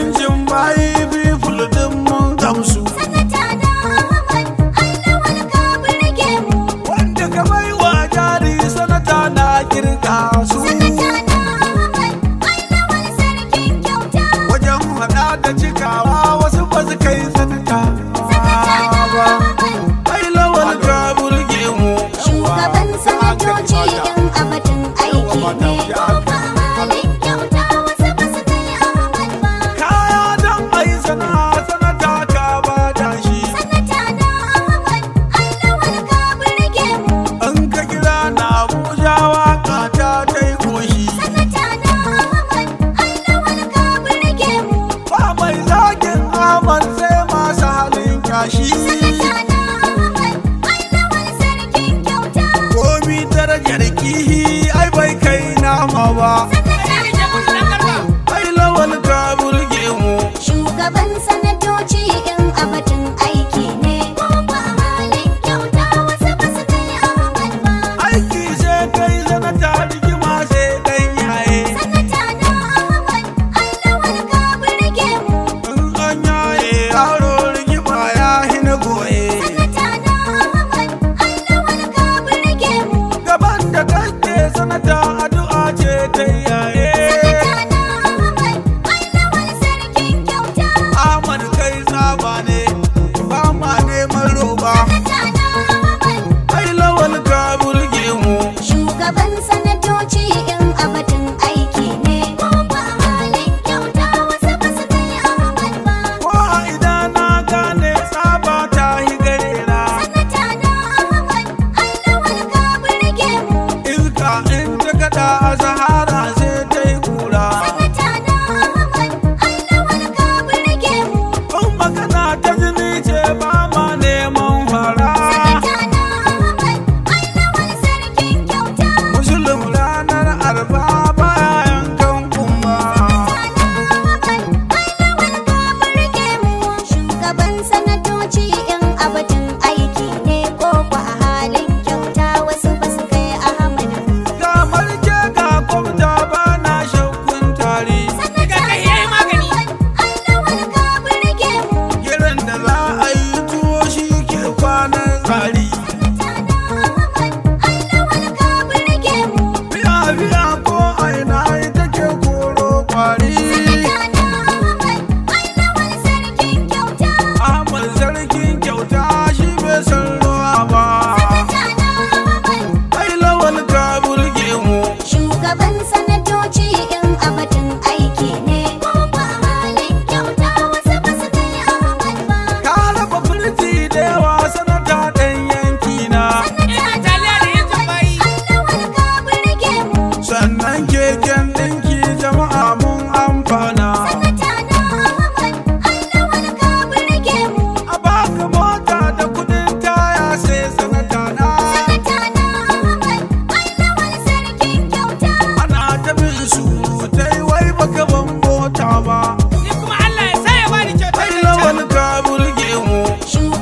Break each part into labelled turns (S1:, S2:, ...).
S1: injin bayi people din mun gamsu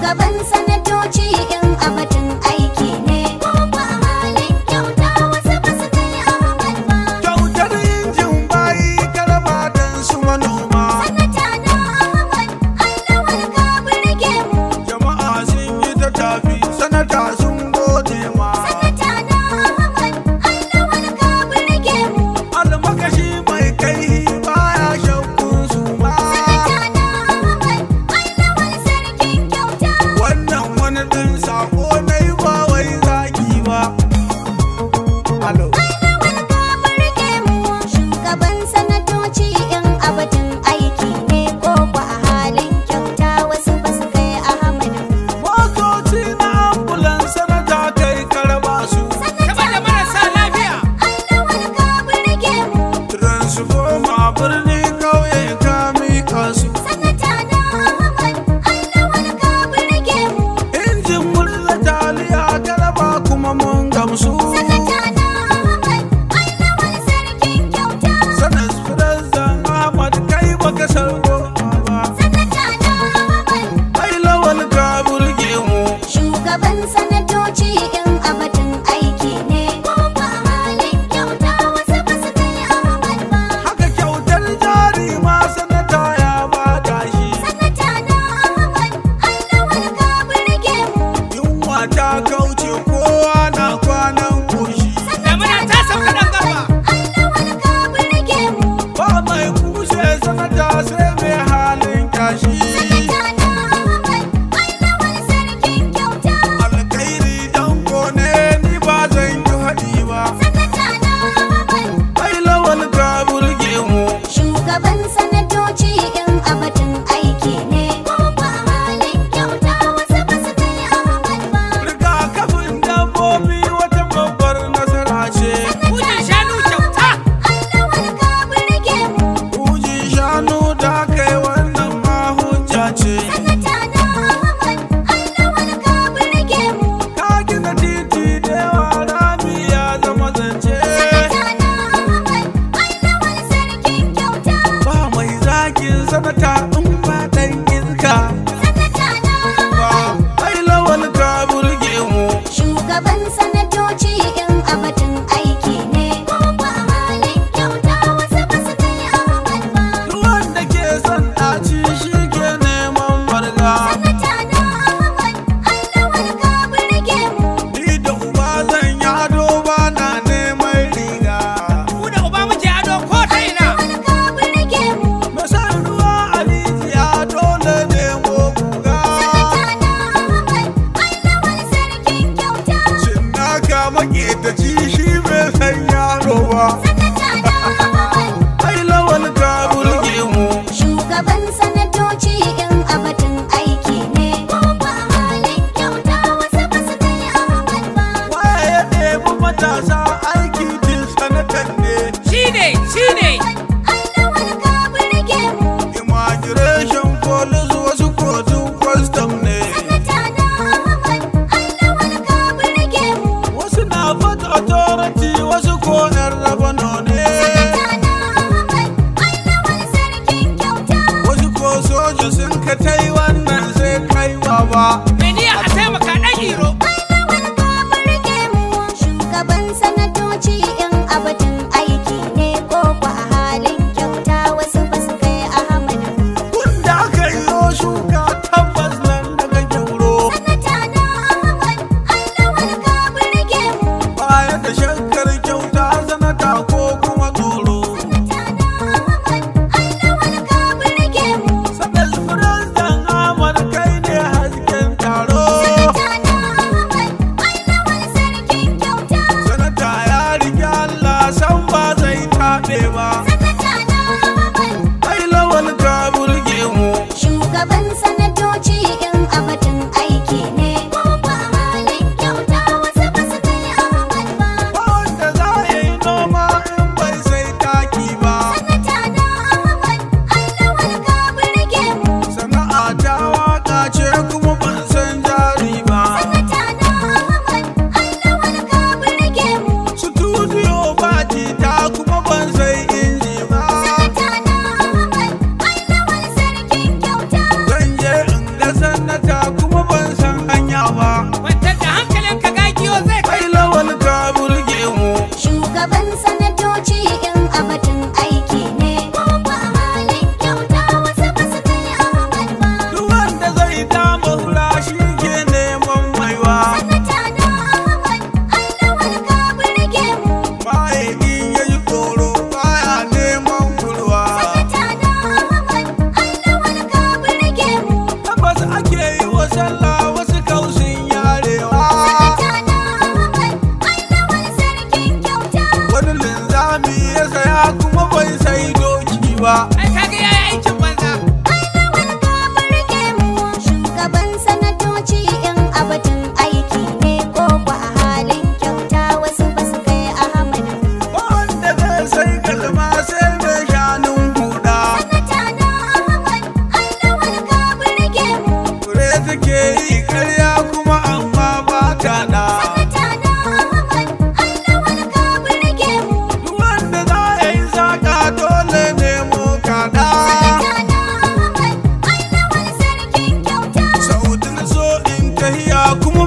S1: gabansa por mí.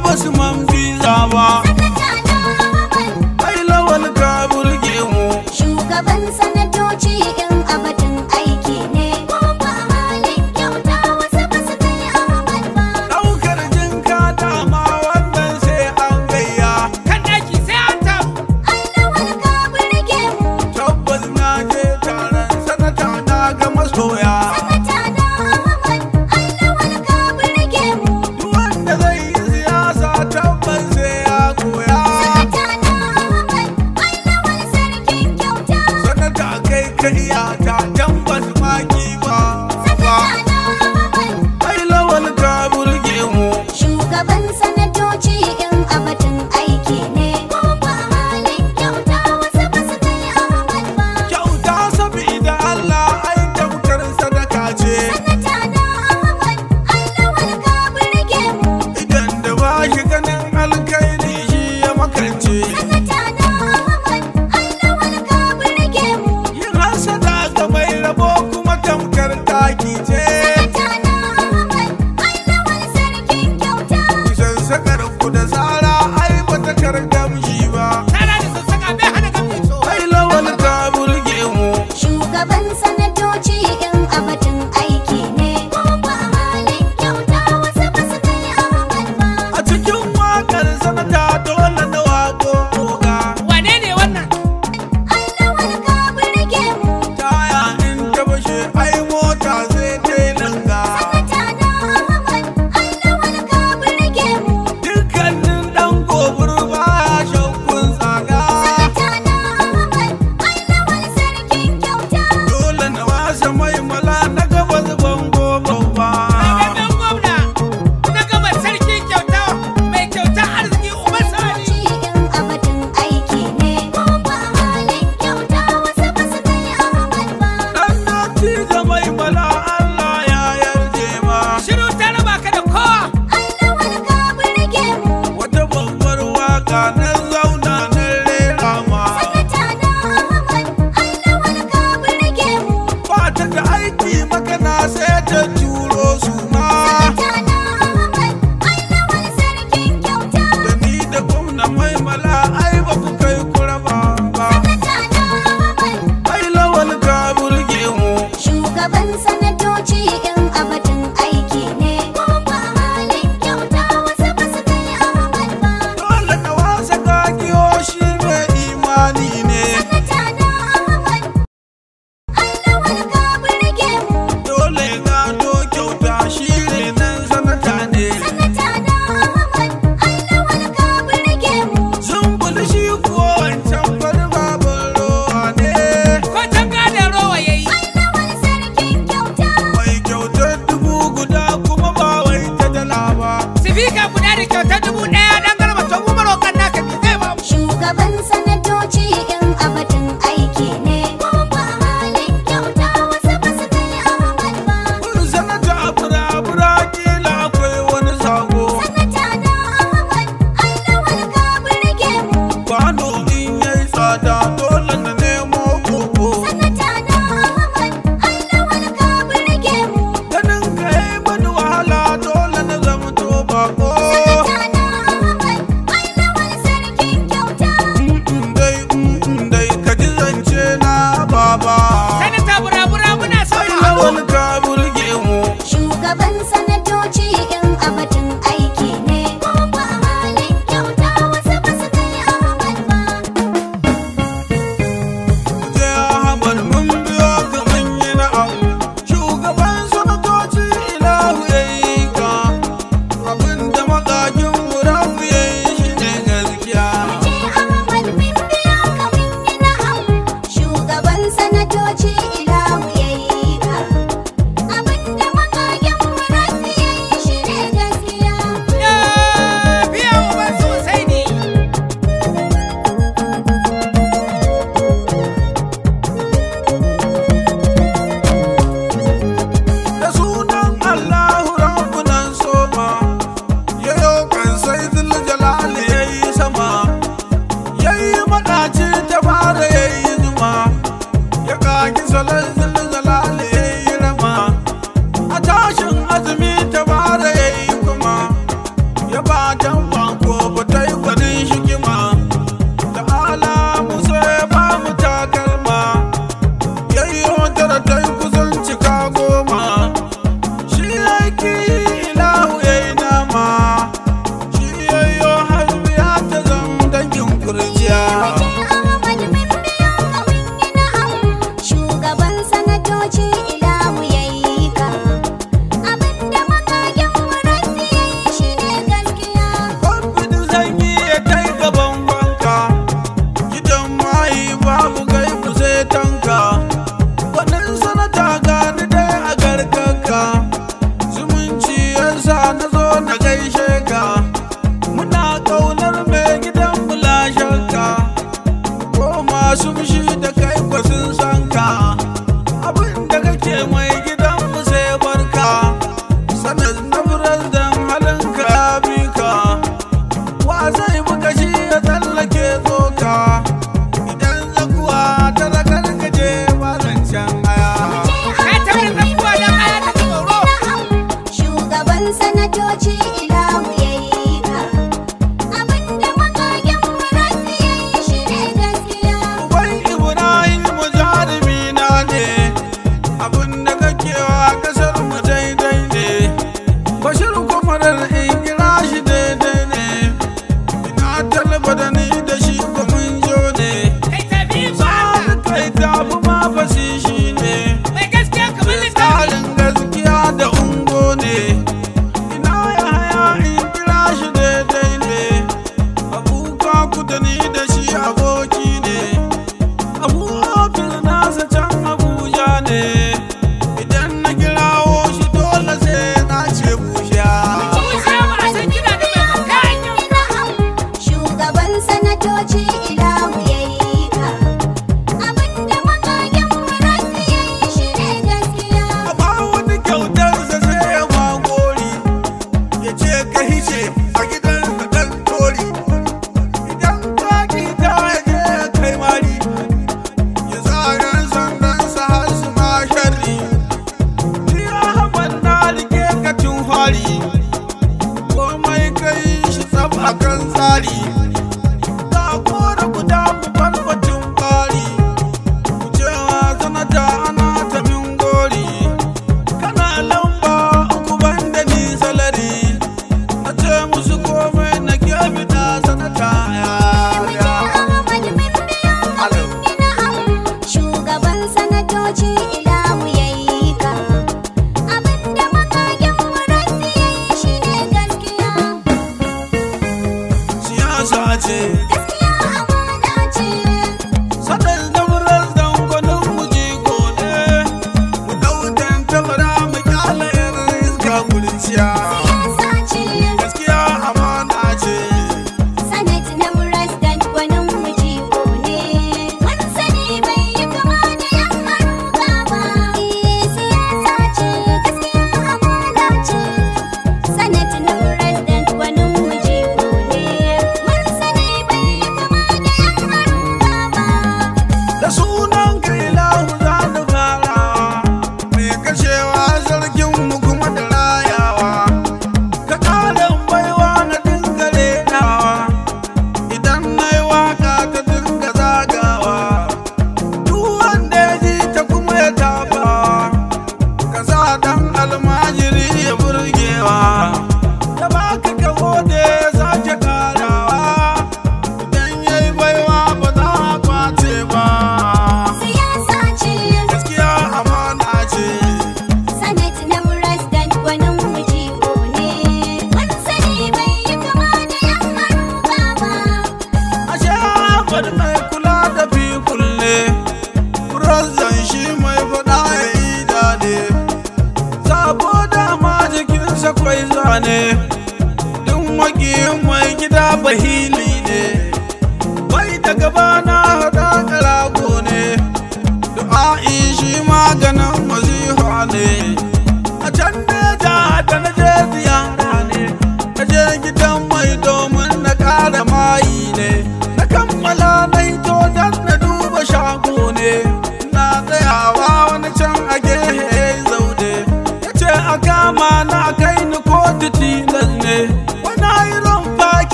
S1: basu mambiza ba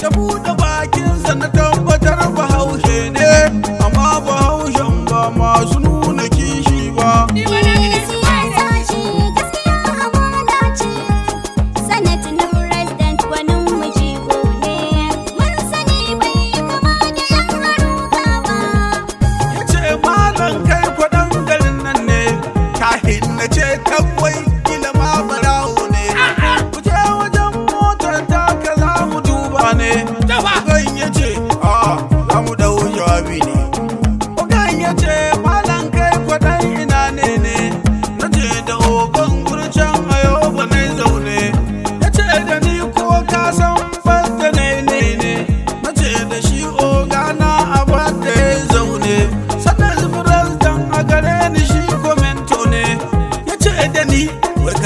S1: to put the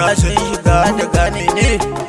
S1: tashin shiga da gane ne